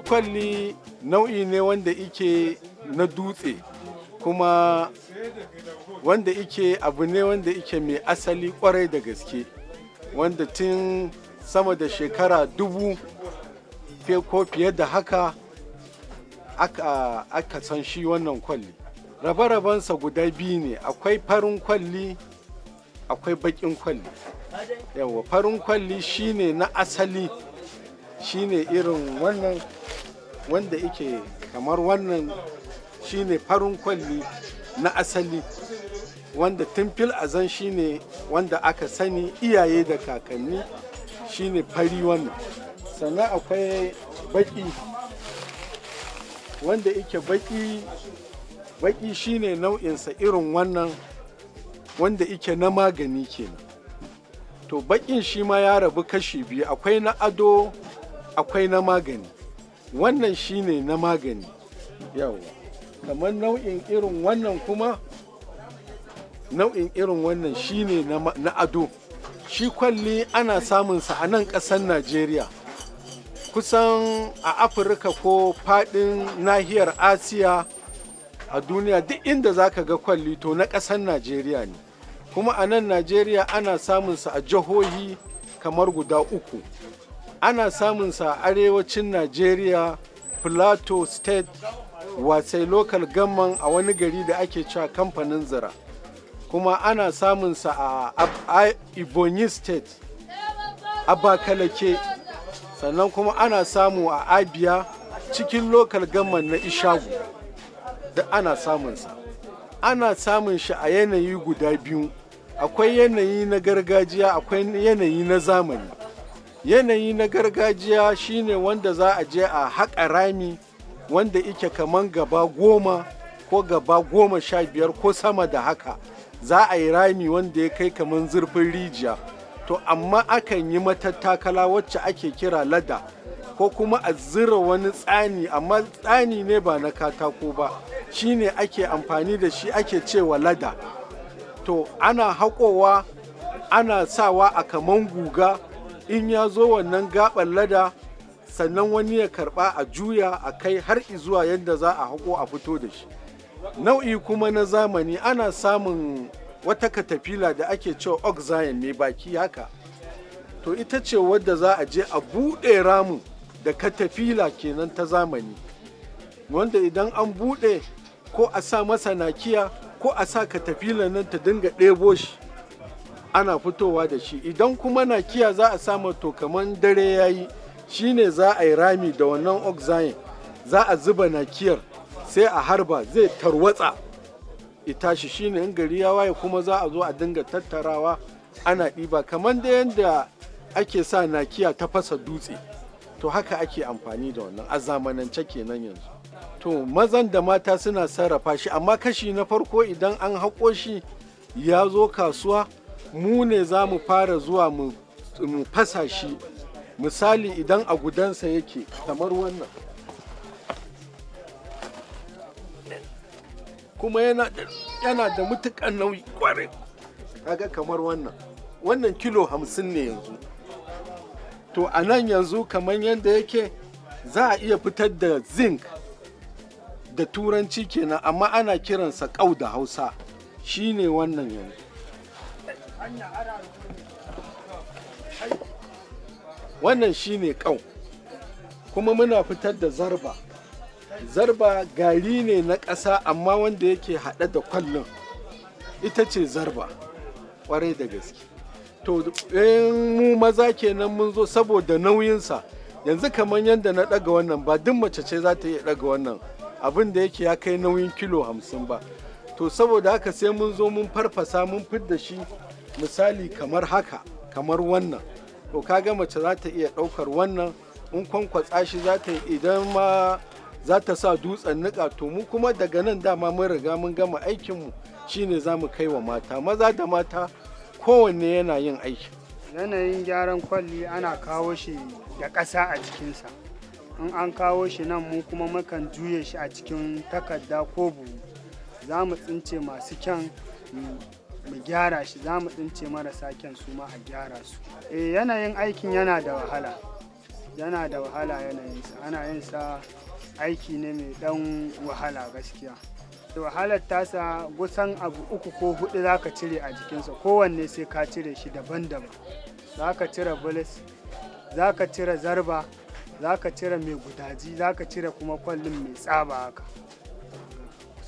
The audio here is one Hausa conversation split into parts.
kwalli nau'i ne wanda ike na dutse kuma wanda ike abu ne wanda ike mai asali kwarai da gaske wanda tun sama da shekara dubu ko fiye da haka aka, san shi wannan kwalli rabe-rabensa guda biyu ne akwai farin kwalli akwai bakin kwalli yawa farin kwalli shine na asali shine irin wannan wanda yake kamar wannan shine farin kwalli na asali wanda fil azan shine wanda aka sani iyaye da kakanni shine fari wannan sannan akwai baki wanda yake baki baki shine nau'insa irin wannan wanda yake na magani kenan to bakin shi ma ya rabu kashi biyu akwai na ado akwai na magani wannan shine na magani yawa kamar nau'in irin wannan kuma nau'in irin wannan shine na ado shi kwalli ana samunsa a nan ƙasar najeriya kusan a afirka ko faɗin nahiyar asiya a duniya duk inda za ka ga kwalli to na ƙasar najeriya ne kuma a nan najeriya ana samunsa a jihohi kamar guda uku ana samunsa a arewacin najeriya plateau state wasai local gamman a wani gari da ake cewa kamfanin zira kuma ana samunsa a ibonyi state Bakalake sannan kuma ana samu a abia cikin local gamman na ishagu da ana samunsa ana samun shi a yanayi guda biyu akwai yanayi na gargajiya akwai yanayi na zamani yanayi na gargajiya shine wanda za a je a haƙa rami wanda ike kaman gaba goma ko gaba goma sha biyar ko sama da haka za a yi rami wanda ya kai kaman zurfin rijiya to amma akan yi matattakala wacce ake kira lada ko kuma a zira wani tsani amma tsani ne ba na katako ba shine ake amfani da shi ake cewa lada to ana haƙowa ana sawa a kaman guga in ya zo wannan gaban lada sannan wani ya karɓa a juya a kai har zuwa yadda za a hako a fito da shi nau'i kuma na zamani ana samun wata katafila da ake cewa oxygen mai baki haka to ita ce wadda za a je a buɗe ramu da katafila kenan ta zamani wanda idan an buɗe ko a sa masa nakiya ko a sa katafila nan ta dinga ɗebo shi ana fitowa da shi idan kuma na kiya za a samu to kamar dare ya yi shi ne za a yi rami da wannan oxygen za a zuba nakiyar sai a harba zai tarwatsa shi shine in gari ya waye kuma za a zo a dinga tattarawa ana ɗiba kamar da yadda ake sa nakiya ta fasa dutse to haka ake amfani da wannan a zamanance kenan yanzu to mazan da mata suna sarrafa shi amma kashi na farko idan an haƙo shi ya zo kasuwa mu ne za mu fara zuwa mu fasa shi misali idan a gudansa yake kamar wannan kuma yana da mutukan nauyi kwarai kaga kamar wannan wannan kilo hamsin ne yanzu to a nan yanzu kamar yadda yake za a iya fitar da zinc da turanci kenan amma ana kiransa kau da hausa shine wannan yanzu wannan shi ne kau kuma muna fitar da zarba zarba gari ne na ƙasa amma wanda yake haɗe da kwallon ita ce zarba ƙwarai da gaske to in mu maza kenan mun zo saboda nauyinsa yanzu kamar yadda na ɗaga wannan ba duk mace ce za ta iya ɗaga wannan abin da yake ya kai nauyin kilo hamsin ba to saboda haka sai mun zo mun farfasa mun fidda shi misali kamar haka kamar wannan to ga mace za ta iya ɗaukar wannan in kwankwatsa shi za ta idan ma za ta sa dutsen nika to mu kuma daga nan dama mun riga mun gama aikinmu shine za mu kai wa mata maza da mata kowanne yana yin aiki yanayin gyaran kwalli ana kawo shi da ƙasa a cikinsa in an kawo shi nan mu kuma mukan juye shi a cikin takarda ko buhu za mu tsince masu kyan mu gyara shi za mu tsince marasa kyan su ma a gyara su eh yanayin aikin yana da wahala yana da wahala yanayinsa ana yin sa aiki ne mai dan wahala gaskiya da wahalar tasa gusan abu uku ko hudu za ka cire a jikinsa kowanne sai ka cire shi daban-daban za ka cire bulis za ka cire zarba za ka cire mai gudaji za ka cire kuma kwallin mai tsaba haka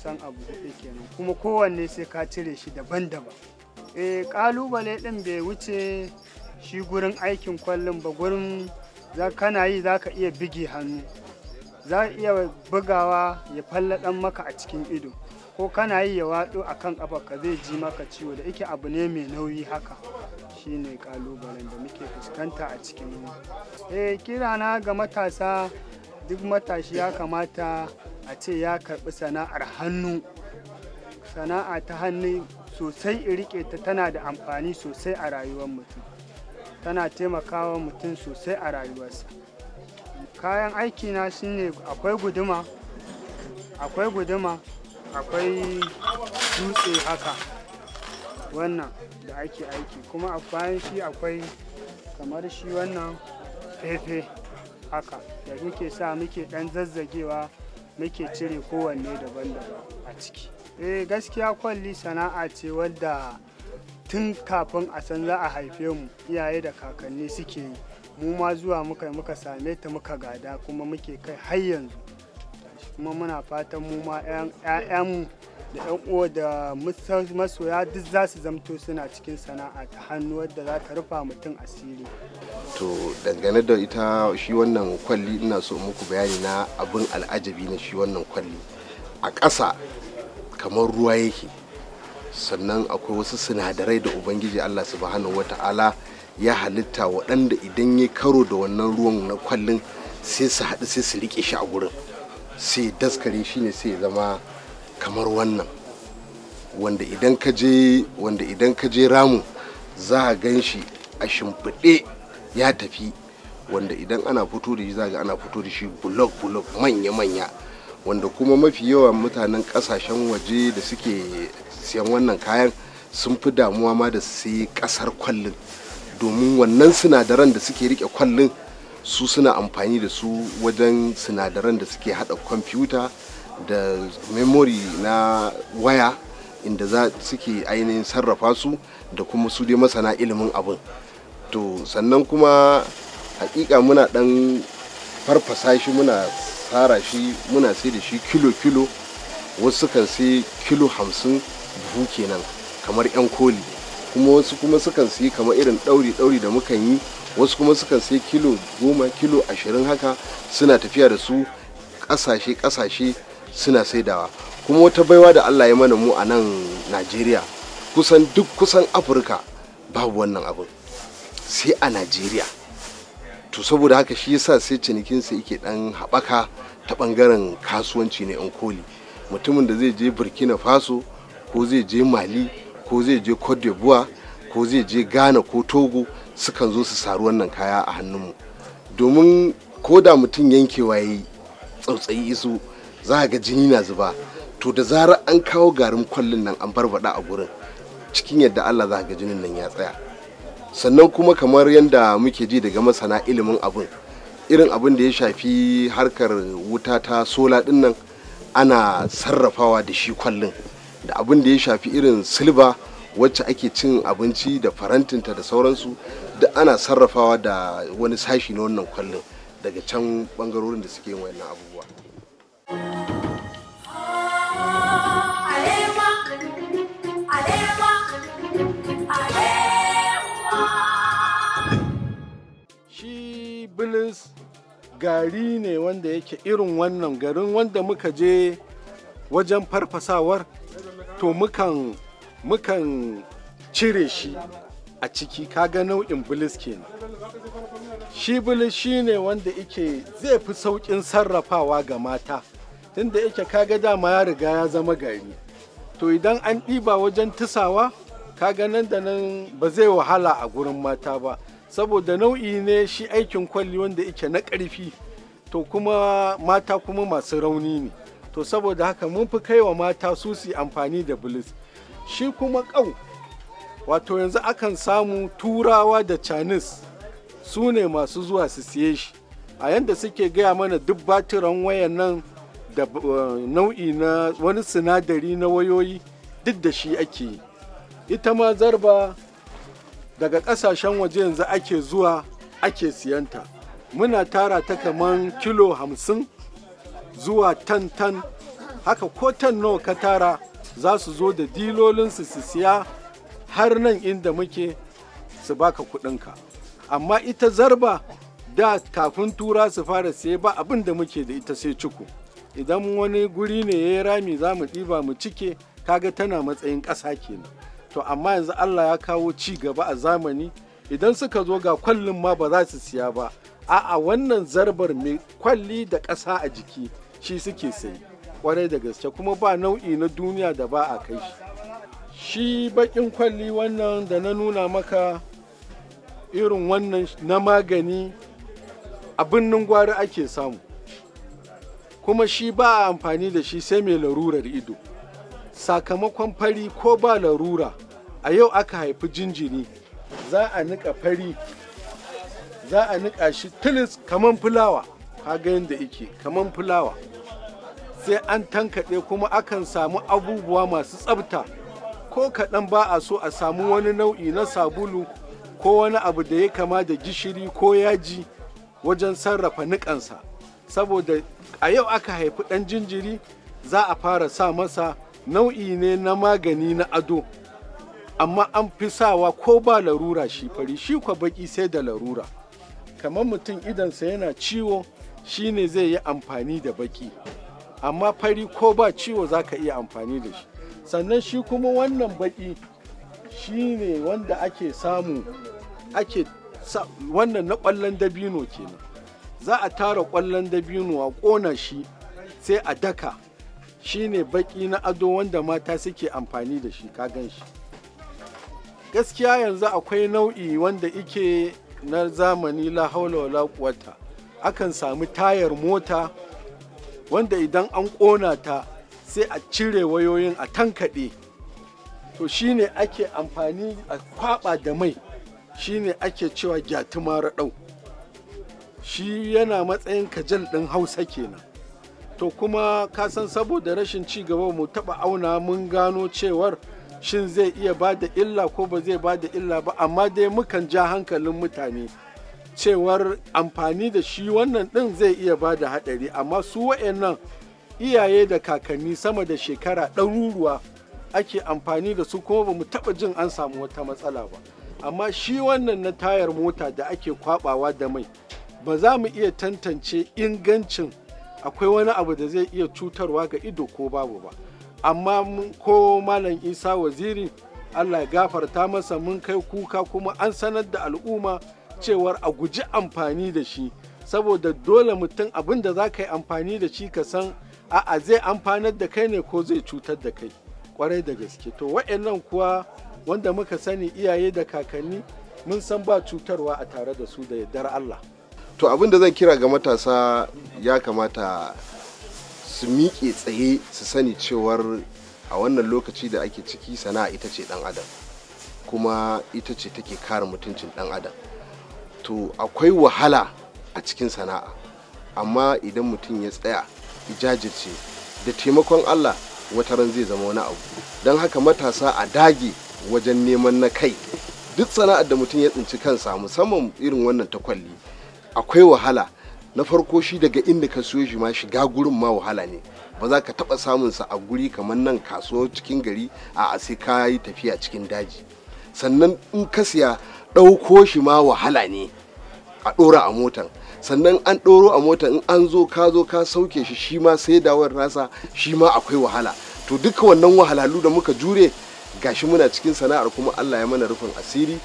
san abu hudu kenan kuma kowanne sai ka cire shi daban-daban eh kalubale din bai wuce shi gurin aikin kwallon ba gurin za kana yi za ka iya bige hannu za iya bugawa ya fallaɗan maka a cikin ido ko kana yi ya wado a kan ka zai ji maka ciwo da ike abu ne mai nauyi haka shine kalubalen da muke fuskanta a cikin eh kira na ga matasa duk matashi ya kamata a ce ya karɓi sana'ar hannu sana'a ta hannu sosai rike ta tana da amfani sosai a rayuwar mutum tana taimakawa mutum sosai a rayuwarsa kayan aiki aikina shine akwai guduma akwai guduma akwai dutse haka wannan da ake aiki kuma a bayan shi akwai kamar shi wannan fefe haka da muke sa muke dan zazzagewa muke cire kowanne daban-daban a ciki eh gaskiya kwalli sana'a ce wadda tun kafin a san za a haife mu iyaye da kakanni suke yi mu ma zuwa muka muka same ta muka gada kuma muke kai har yanzu kuma muna fatan mu ma 'ya'yanmu da yan uwa da masoya duk za su zamto suna cikin sana'a ta hannu wadda za ta rufa mutum asiri to dangane da ita shi wannan kwalli ina so muku bayani na abin al'ajabi na shi wannan kwalli a ƙasa kamar ruwa yake sannan akwai wasu sinadarai da ubangiji allah subhanahu wata'ala ya halitta waɗanda idan ya karo da wannan ruwan na kwallin sai su haɗu sai su riƙe shi a gurin sai daskare shi ne sai zama kamar wannan wanda idan ka je wanda idan ka je ramu za a gan shi a shimfiɗe ya tafi wanda idan ana fito da shi za ga ana fito da shi bulok manya manya wanda kuma mafi yawan mutanen kasashen waje da suke siyan wannan kayan sun fi damuwa ma da sai kasar kwallin domin wannan sinadaran da suke rike kwallin su suna amfani da su wajen sinadaran da suke hada kwamfuta da memory na waya inda za suke ainihin sarrafa su da kuma su dai masana ilimin abin to sannan kuma hakika muna dan farfasa shi muna tsara shi muna sai da shi kilo-kilo wasu kan sai kilo hamsin buhu kenan kamar 'yan koli kuma wasu kuma sukan sai kamar irin ɗauri-ɗauri da mukan yi wasu kuma sukan sai kilo goma kilo ashirin haka suna tafiya da su ƙasashe-ƙasashe suna saidawa kuma wata baiwa da allah ya mana mu a nan najeriya kusan duk kusan afirka babu wannan abin sai a najeriya to saboda haka shi yasa sai cinikinsa yake dan haɓaka ta ɓangaren kasuwanci ne in koli mutumin da zai je burkina faso ko zai je mali ko zai je cote d'ivoire ko zai je ghana ko togo sukan zo su saru wannan kaya a hannunmu domin ko da mutum yankewa ya yi tsautsayi isu za ga jini na zuba to da zarar an kawo garin kwallon nan an barbada a gurin cikin yadda Allah za ga jinin nan ya tsaya sannan kuma kamar yadda muke ji daga masana ilimin abin irin abin da ya shafi harkar wuta ta sola din nan ana sarrafawa da shi kwallon da abin da ya shafi irin silba wacce ake cin abinci da farantinta da sauransu duk ana sarrafawa da wani sashi na wannan kwallon daga can bangarorin da suke yin wannan abu Shi bilis gari ne wanda yake irin wannan garin wanda muka je wajen farfasawar to mukan mukan cire shi a ciki kaga nau'in bilis kenan shi bilis shi ne wanda ike zai fi sauƙin sarrafawa ga mata da yake kaga dama ya riga ya zama gari to idan an ɗiba wajen tusawa kaga nan da nan ba zai wahala a gurin mata ba saboda nau'i ne shi aikin kwalli wanda yake na ƙarfi to kuma mata kuma masu rauni ne to saboda haka mun fi kaiwa mata su su amfani da bilis shi kuma ƙau wato yanzu akan samu turawa da canis su ne masu zuwa su siye shi a yanda suke gaya mana duk batiran wayan nan da uh, nau'i na wani sinadari na wayoyi duk da shi ake yi ita ma zarba daga kasashen waje yanzu ake zuwa ake siyanta muna tara ta kaman kilo hamsin zuwa tantan haka ko tan nawa ka tara za su zo da dilolin su siya har nan inda muke su baka kudinka amma ita zarba da kafin tura su fara siye ba abin da muke da ita sai cuku. idan wani guri ne ya yi rami za mu ɗiba mu cike kaga tana matsayin ƙasa kenan to amma yanzu allah ya kawo ci gaba a zamani idan suka zo ga kwallin ma ba za su siya ba a'a wannan zarbar mai kwalli da ƙasa a jiki shi suke sayi kwarai da gaske kuma ba nau'i na duniya da ba a kai shi shi bakin kwalli wannan da na nuna maka irin wannan na magani a birnin gwari ake samu kuma shi ba amfani da shi sai mai larurar ido sakamakon fari ko ba larura a yau aka haifi jinjiri za a niƙa fari za a niƙa shi tilis kaman fulawa kaga yadda ike kaman fulawa sai an tankaɗe kuma akan samu abubuwa masu tsabta ko kaɗan ba a so a samu wani nau'i na sabulu ko wani abu da ya kama da gishiri ko yaji wajen sarrafa niƙansa saboda a yau aka haifi ɗan jinjiri za a fara sa masa nau'i ne na magani na ado amma an fi sawa ko ba larura shi fari shi kwa baki sai da larura kamar mutum idansa yana ciwo shi ne zai yi amfani da baki amma fari ko ba ciwo za ka iya amfani da shi sannan shi kuma wannan baki shi ne wanda ake samu ake wannan na ƙwallon dabino kenan za a tara ƙwallon dabino a ƙona shi sai a daka shi ne baƙi na ado wanda mata suke amfani da shi ka gan shi gaskiya yanzu akwai nau'i wanda ike na zamani la haula wala quwata akan samu tayar mota wanda idan an ƙona ta sai a cire wayoyin a tankaɗe to shine ake amfani a kwaɓa da mai shine ake cewa gyatumara ɗau shi yana matsayin kajal ɗin hausa kenan to kuma ka san saboda rashin ci gaba mu taɓa auna mun gano cewar shin zai iya ba da illa ko ba zai ba da illa ba amma dai mukan ja hankalin mutane cewar amfani da shi wannan ɗin zai iya ba da haɗari amma su wa'annan iyaye da kakanni sama da shekara ɗaruruwa ake amfani da su kuma ba mu taɓa jin an samu wata matsala ba amma shi wannan na tayar mota da ake kwabawa da mai ba za mu iya tantance ingancin akwai wani abu da zai iya cutarwa ga ido ko babu ba amma ko malam isa waziri allah ya gafarta masa mun kai kuka kuma an sanar da al'umma cewar a guji amfani da shi saboda dole mutum abin da za ka yi amfani da shi ka san a'a zai amfanar da kai ne ko zai cutar da kai kwarai da gaske to wa'annan kuwa wanda muka sani iyaye da kakanni mun san ba cutarwa a tare da su da yardar allah to abin da zan kira ga matasa ya kamata su miƙe tsaye su sani cewar a wannan lokaci da ake ciki sana'a ita ce dan adam kuma ita ce take kare mutuncin dan adam to akwai wahala a cikin sana'a amma idan mutum ya tsaya ijajirce, da taimakon allah wata ran zai zama wani abu don haka matasa a dage wajen neman na kai duk sana'ar da mutum ya tsinci kansa musamman irin wannan ta kwalli. akwai wahala na farko shi daga inda ka siyo shi ma shiga gurin ma wahala ne ba za ka taɓa samun sa a guri kamar nan kasuwar cikin gari a sai ka yi tafiya cikin daji sannan in ka siya ɗauko shi ma wahala ne a ɗora a motan sannan an ɗoro a motan in an zo ka zo ka sauke shi shi ma sai dawar nasa shi ma akwai wahala to duka wannan wahalalu da muka jure gashi muna cikin sana'ar kuma allah ya mana rufin asiri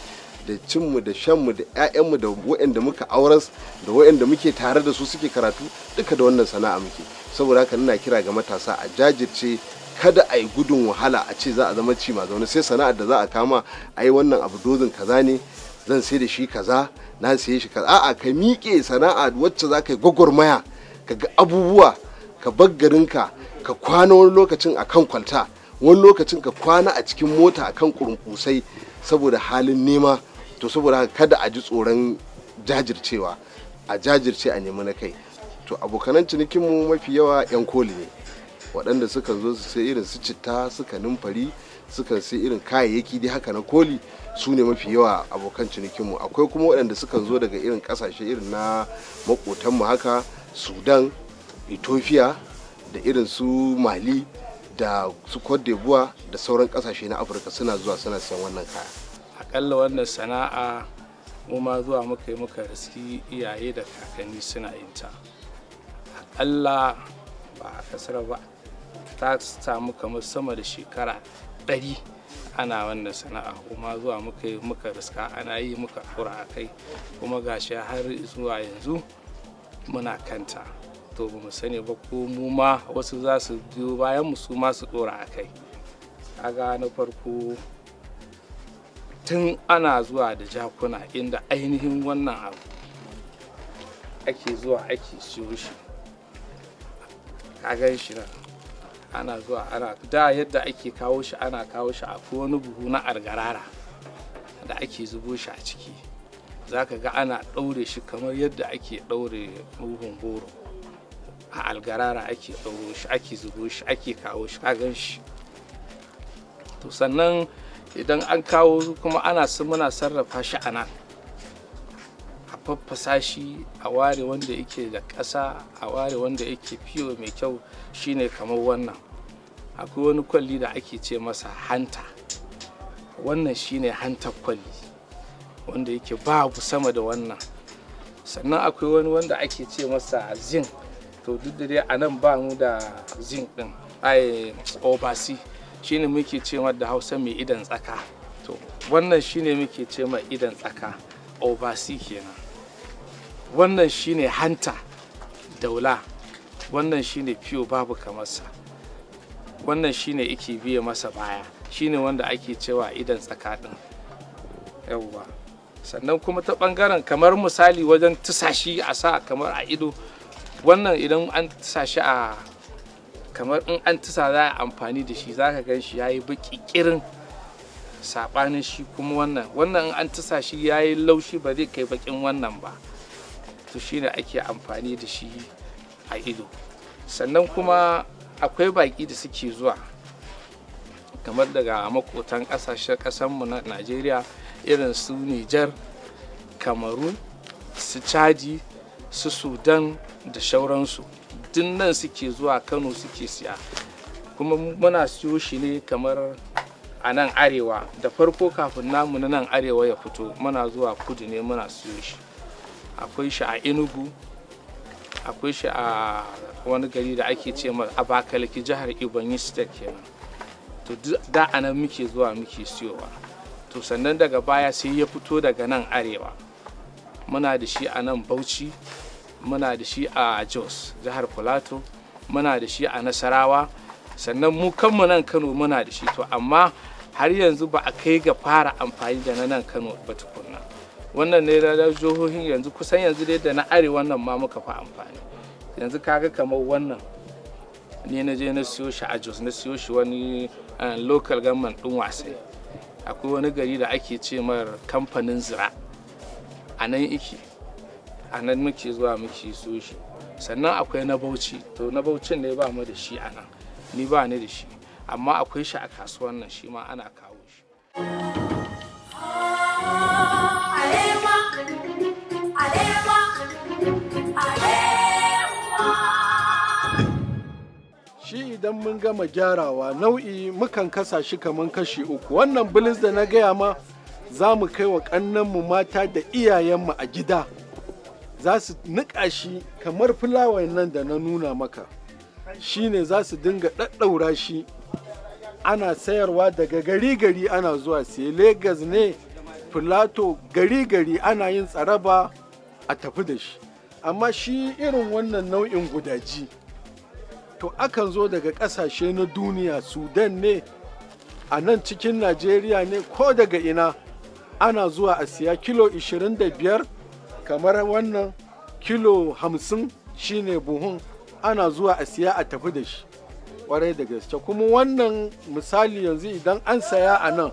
da cinmu da shanmu da 'ya'yanmu da wa'anda muka auras da wa'anda muke tare da su suke karatu duka da wannan sana'a muke saboda haka ina kira ga matasa a jajirce kada a yi gudun wahala a ce za a zama cima zaune sai sana'ar da za a kama a yi wannan abu dozin kaza ne zan sai da shi kaza na sai shi kaza a'a ka miƙe sana'a wacce za ka yi gwagwarmaya ka ga abubuwa ka bar garinka ka kwana wani lokacin a kan kwalta wani lokacin ka kwana a cikin mota a kan saboda halin nema to saboda haka kada a ji tsoron jajircewa a jajirce a nemi na kai to abokanan cinikinmu mafi yawa 'yan koli ne waɗanda suka zo su sai irin su citta suka numfari suka sai irin kayayyaki dai haka na koli su ne mafi yawa abokan cinikinmu akwai kuma waɗanda sukan zo daga irin ƙasashe irin na makotanmu haka sudan ethiopia da irin su mali da su d'ivoire da sauran ƙasashe na afirka suna zuwa suna siyan wannan kaya akalla wannan sana'a mu ma zuwa muka yi muka riski iyaye da kakanni suna yin ta akalla ba a kasar ba ta samu kamar sama da shekara ɗari ana wannan sana'a kuma zuwa muka yi muka riska ana yi muka ɗora a kai kuma gashi har zuwa yanzu muna kanta to ba mu sani ba ko mu ma wasu za su biyo bayan mu su ma su ɗora a kai kaga na farko tun ana zuwa da jakuna inda ainihin wannan abu ake zuwa ake siyo shi kagan shi nan ana zuwa ana da yadda ake kawo shi ana kawo shi a wani buhu na argarara da ake zubo shi a ciki za ka ga ana ɗaure shi kamar yadda ake ɗaure ruhun goro a algarara ake ɗauro shi ake zubo shi ake kawo shi kagan shi to sannan idan an kawo kuma ana muna sarrafa shi a nan a faffasa shi a ware wanda yake da ƙasa a ware wanda yake fiyo mai kyau shine kamar wannan akwai wani kwalli da ake ce masa hanta wannan shine hantar kwalli wanda yake babu sama da wannan sannan akwai wani wanda ake ce masa zin to duk da dai a nan ba mu da zin din ai obasi shine muke cewa da hausa mai idan tsaka to wannan shine muke cewa idan tsaka obasi kenan wannan shine hanta daula wannan shine fiyo babu kamarsa wannan shine ike biye masa baya shine wanda ake cewa idan tsaka din yauwa sannan kuma ta bangaren kamar misali wajen tusashi a sa kamar a ido wannan idan an tusashi a kamar in an tusa za a amfani da shi zaka gan shi yayi baki kirin sabanin shi kuma wannan wannan in an tusa shi yayi laushi ba zai kai bakin wannan ba to shine ake amfani da shi a ido sannan kuma akwai baki da suke zuwa kamar daga makotan kasashen kasanmu na najeriya irin su nijar kamaru su chadi su sudan da shauransu tun nan suke zuwa kano suke siya kuma muna siyo shi ne kamar a nan arewa da farko kafin namu na nan arewa ya fito muna zuwa kudu ne muna siyo shi akwai shi a enugu akwai shi a wani gari da ake ce ma abakaliki jihar ibanyi state kenan to da anan muke zuwa muke siyowa to sannan daga baya sai ya fito daga nan arewa muna da shi a nan bauchi muna da shi a jos jihar plateau muna da shi a nasarawa sannan mu kanmu nan kano muna da shi to amma har yanzu ba a kai ga fara amfani da na nan kano ba tukunna wannan ne da jihohin yanzu kusan yanzu dai da na arewa wannan ma muka fa amfani yanzu kaga kamar wannan ne na je na siyo shi a jos na siyo shi wani eh, local government din wasai akwai wani gari da ake ce mar kamfanin zira a nan iki anan nan muke zuwa muke so shi sannan akwai na bauchi to na baucin ne ba mu da shi a ni ba ni da shi amma akwai shi a kasuwan nan shi ma ana kawo shi shi idan mun gama gyarawa nau'i mukan kasa shi kamar kashi uku wannan bilis da na gaya ma za mu kai wa mu mata da iyayenmu a gida za su niƙa shi kamar fulawa nan da na nuna maka shi ne za su dinga ɗaɗɗaura shi ana sayarwa daga gari gari ana zuwa sai Legas ne filato gari gari ana yin tsaraba a tafi da shi amma shi irin wannan nau'in gudaji to akan zo daga ƙasashe na duniya sudan ne a nan cikin najeriya ne ko daga ina ana zuwa a siya kilo 25 kamar wannan kilo hamsin shine buhun ana zuwa a siya a tafi da shi kwarai da gaske kuma wannan misali yanzu idan an saya a nan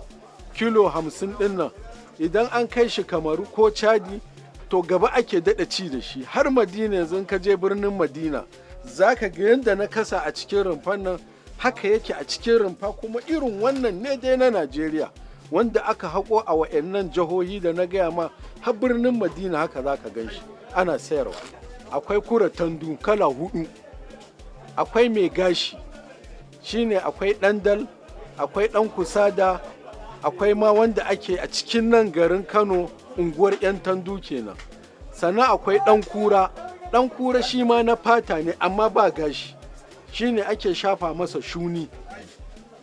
kilo hamsin din nan idan an kai shi kamaru ko chadi to gaba ake daɗa ci da shi har madina yanzu ka je birnin madina za ka ga yadda na kasa a cikin rumfan nan haka yake a cikin rumfa kuma irin wannan ne dai na najeriya wanda aka haƙo a wa'annan jihohi da na gaya ma har birnin madina haka za ka gan shi ana sayarwa akwai kura tandu kala hudu akwai mai gashi shine akwai dandal akwai ɗan kusada akwai ma wanda ake a cikin nan garin kano unguwar 'yan tandu kenan sannan akwai ɗan kura ɗan kura shi ma na fata ne amma ba gashi shine ake shafa masa shuni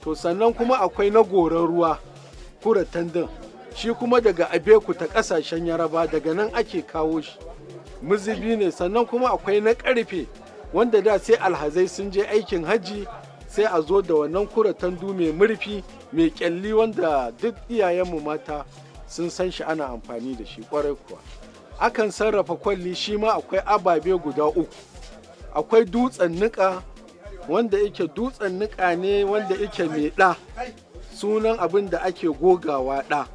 to sannan kuma akwai na goron ruwa kura tandin shi kuma daga abeku ta kasashen yaraba daga nan ake kawo shi muzibi ne sannan kuma akwai na karfe wanda da sai alhazai sun je aikin hajji sai a zo da wannan kura tandu mai murfi mai kyalli wanda duk iyayenmu mata sun san shi ana amfani da shi kwarai kuwa akan sarrafa kwalli shi ma akwai ababe guda uku akwai dutsen niƙa wanda yake dutsen niƙa ne wanda yake mai ɗa sunan abin da ake gogawa ɗa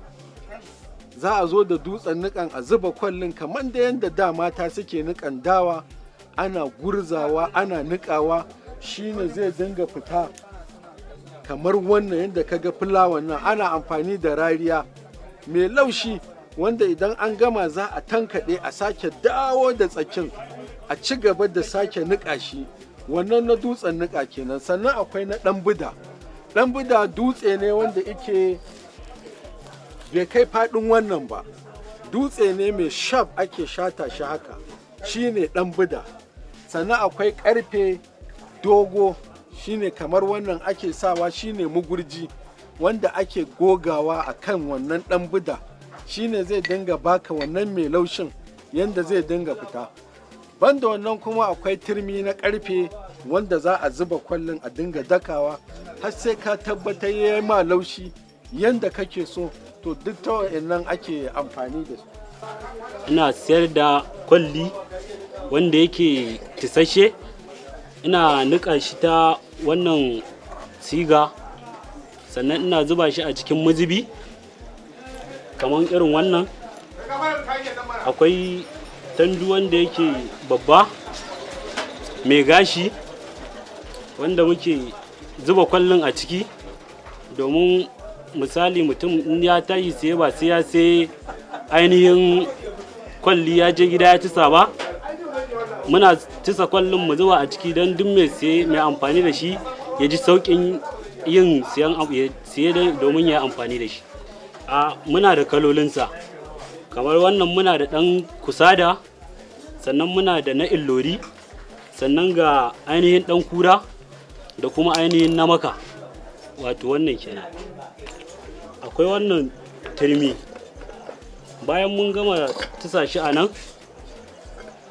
za a zo da dutsen nikan a zuba kwallin kamar da yadda da mata suke nikan dawa ana gurzawa ana nikawa shine zai dinga fita kamar wannan yadda ka ga fulawan nan ana amfani da rariya mai laushi wanda idan an gama za a tankaɗe a sake dawo da tsakin a ci gaba da sake niƙa shi wannan na dutsen niƙa kenan sannan akwai na ɗan buda dan buda dutse ne wanda ike bai kai fadin wannan ba dutse ne mai shaf ake shata shi haka shine dan buda sannan akwai karfe dogo shine kamar wannan ake sawa shine mugurji wanda ake gogawa a kan wannan dan buda shine zai dinga baka wannan mai laushin yanda zai dinga fita banda wannan kuma akwai turmi na karfe wanda za a zuba kwallon a dinga dakawa har sai ka tabbatar ya yi ma laushi yadda kake so to duk ta nan ake amfani da su ina siyar da kwalli wanda yake tisashe ina niƙa shi ta wannan siga sannan ina zuba shi a cikin mazubi kamar irin wannan akwai tandu wanda yake babba mai gashi wanda muke zuba kwallon a ciki domin misali mutum in ya tashi sai ba sai ya sai ainihin kwalli ya je gida ya tisa ba muna tisa kwallon mu zuba a ciki don duk mai sai mai amfani da shi ya ji sauƙin yin siyan domin ya amfani da shi a muna da kalolinsa kamar wannan muna da ɗan kusada sannan muna da na illori sannan ga ainihin ɗan kura da kuma ainihin namaka. wato wannan kenan akwai wannan turmi bayan mun gama tusa shi a nan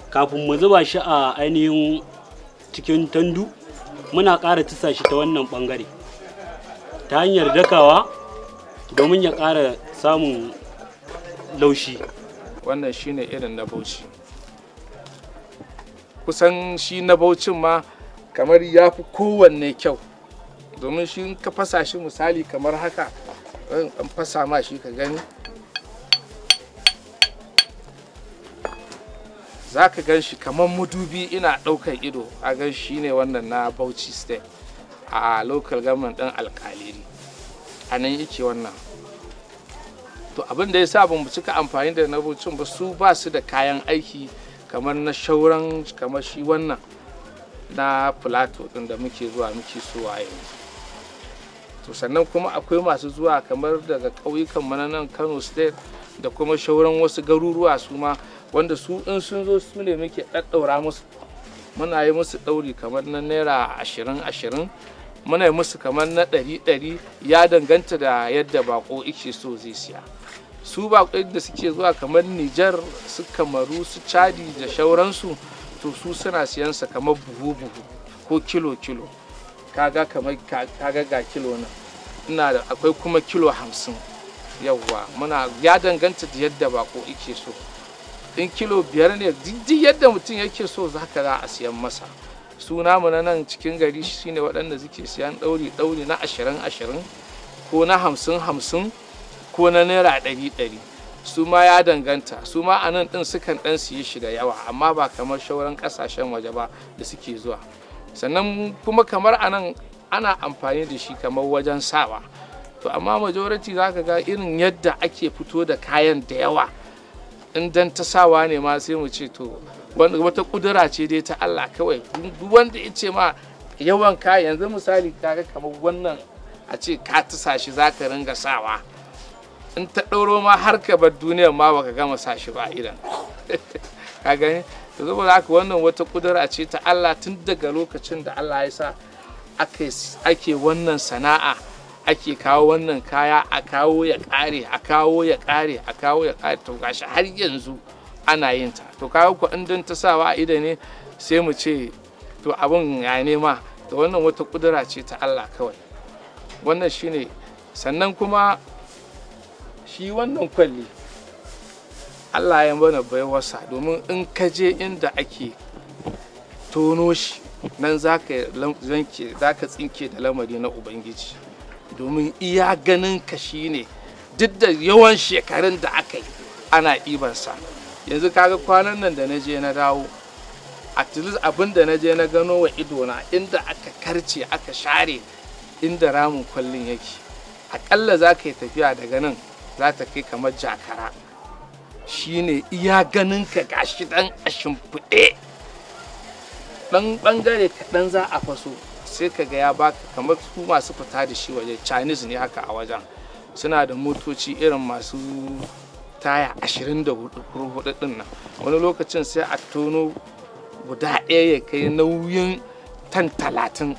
kafin mu zuba shi a ainihin cikin tandu muna ƙara tusa shi ta wannan ɓangare ta hanyar dakawa domin ya ƙara samun laushi wannan shine irin na bauchi kusan shi na baucin ma kamar ya fi kowanne kyau domin shi ka fasa shi misali kamar haka an fasa ma shi ka gani za ka gan shi kamar madubi ina ɗaukar ido a gan shi ne wannan na bauchi state a local government ɗin alkaliri a nan yake wannan to abin da ya sa bamu cika amfani da na ba su ba su da kayan aiki kamar na shauran kamar shi wannan na plateau din da muke zuwa muke so a yanzu to sannan kuma akwai masu zuwa kamar daga ƙauyukan mananan kano state da kuma shauran wasu garuruwa su ma wanda su in sun zo su ne muke ɗaɗɗaura musu muna yi musu ɗauri kamar na naira ashirin ashirin muna yi musu kamar na ɗari ɗari ya danganta da yadda bako ike so zai siya su bako da suke zuwa kamar nijar su kamaru su chadi da shauransu to su suna siyan sa kamar buhu buhu ko kilo kilo kaga kamar kaga ga kilo nan ina da akwai kuma kilo hamsin yawwa muna ya danganta da yadda bako ike so in kilo biyar ne duk yadda mutum yake so zaka za a siyan masa suna mu na nan cikin gari shine waɗanda suke siyan ɗauri ɗauri na ashirin ashirin ko na hamsin hamsin ko na naira ɗari ɗari su ma ya danganta su ma a nan ɗin sukan ɗan siye shi da yawa amma ba kamar shauran kasashen waje ba da suke zuwa sannan kuma kamar anan ana amfani da shi kamar wajen sawa to amma majority za ka ga irin yadda ake fito da kayan da yawa in dan ta sawa ne ma sai mu ce to wata kudura ce dai ta Allah kawai duk wanda ya ce ma yawan kayan yanzu misali kaga kamar wannan a ce ka tasa shi za ka ringa sawa in ta ɗauro ma har ka bar duniyar ma baka gama sa shi ba idan ka gani Zuba saboda wannan wata kudura ce ta Allah tun daga lokacin da Allah ya sa ake wannan sana'a ake kawo wannan kaya a kawo ya ƙare a kawo ya ƙare a kawo ya ƙare to gashi har yanzu ana yin ta to kawo ku in ta sa a ida ne sai mu ce to abun ya nema to wannan wata kudura ce ta Allah kawai wannan shine sannan kuma shi wannan kwalli allah ya mana baiwarsa domin in ka je inda ake tono shi nan za ka tsinke da lamari na ubangiji domin iya ganin ka shi ne duk da yawan shekarun da aka yi ana ibansa yanzu kaga kwanan nan da na je na dawo at least abin da na je na gano wa idona inda aka karce aka share inda ramin kwallin yake akalla za ka yi tafiya daga nan za ta kai kamar jakara shine iya ganin ka gashi dan a shimfiɗe dan bangare kaɗan za a faso sai ka ga ya baka kamar su masu fita da shi waje chinese ne haka a wajen suna da motoci irin masu taya 24 din nan wani lokacin sai a tono guda ɗaya ya kai nauyin tan talatin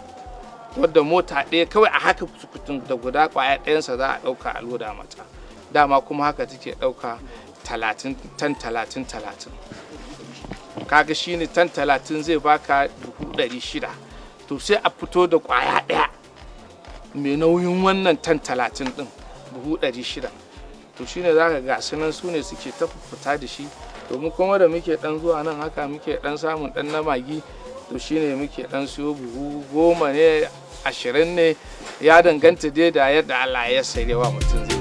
wadda mota ɗaya kawai a haka fitun da guda kwaya ɗayansa za a ɗauka a loda mata dama kuma haka take ɗauka talatin tan talatin talatin kaga shine tan talatin zai baka dubu dari shida to sai a fito da kwaya daya mai nauyin wannan tan talatin din buhu dari shida to shine za ka su nan su ne suke ta fita da shi domin kuma da muke dan zuwa nan haka muke dan samun dan na magi to shine muke dan siyo buhu goma ne ashirin ne ya danganta dai da yadda Allah ya sarewa mutum zai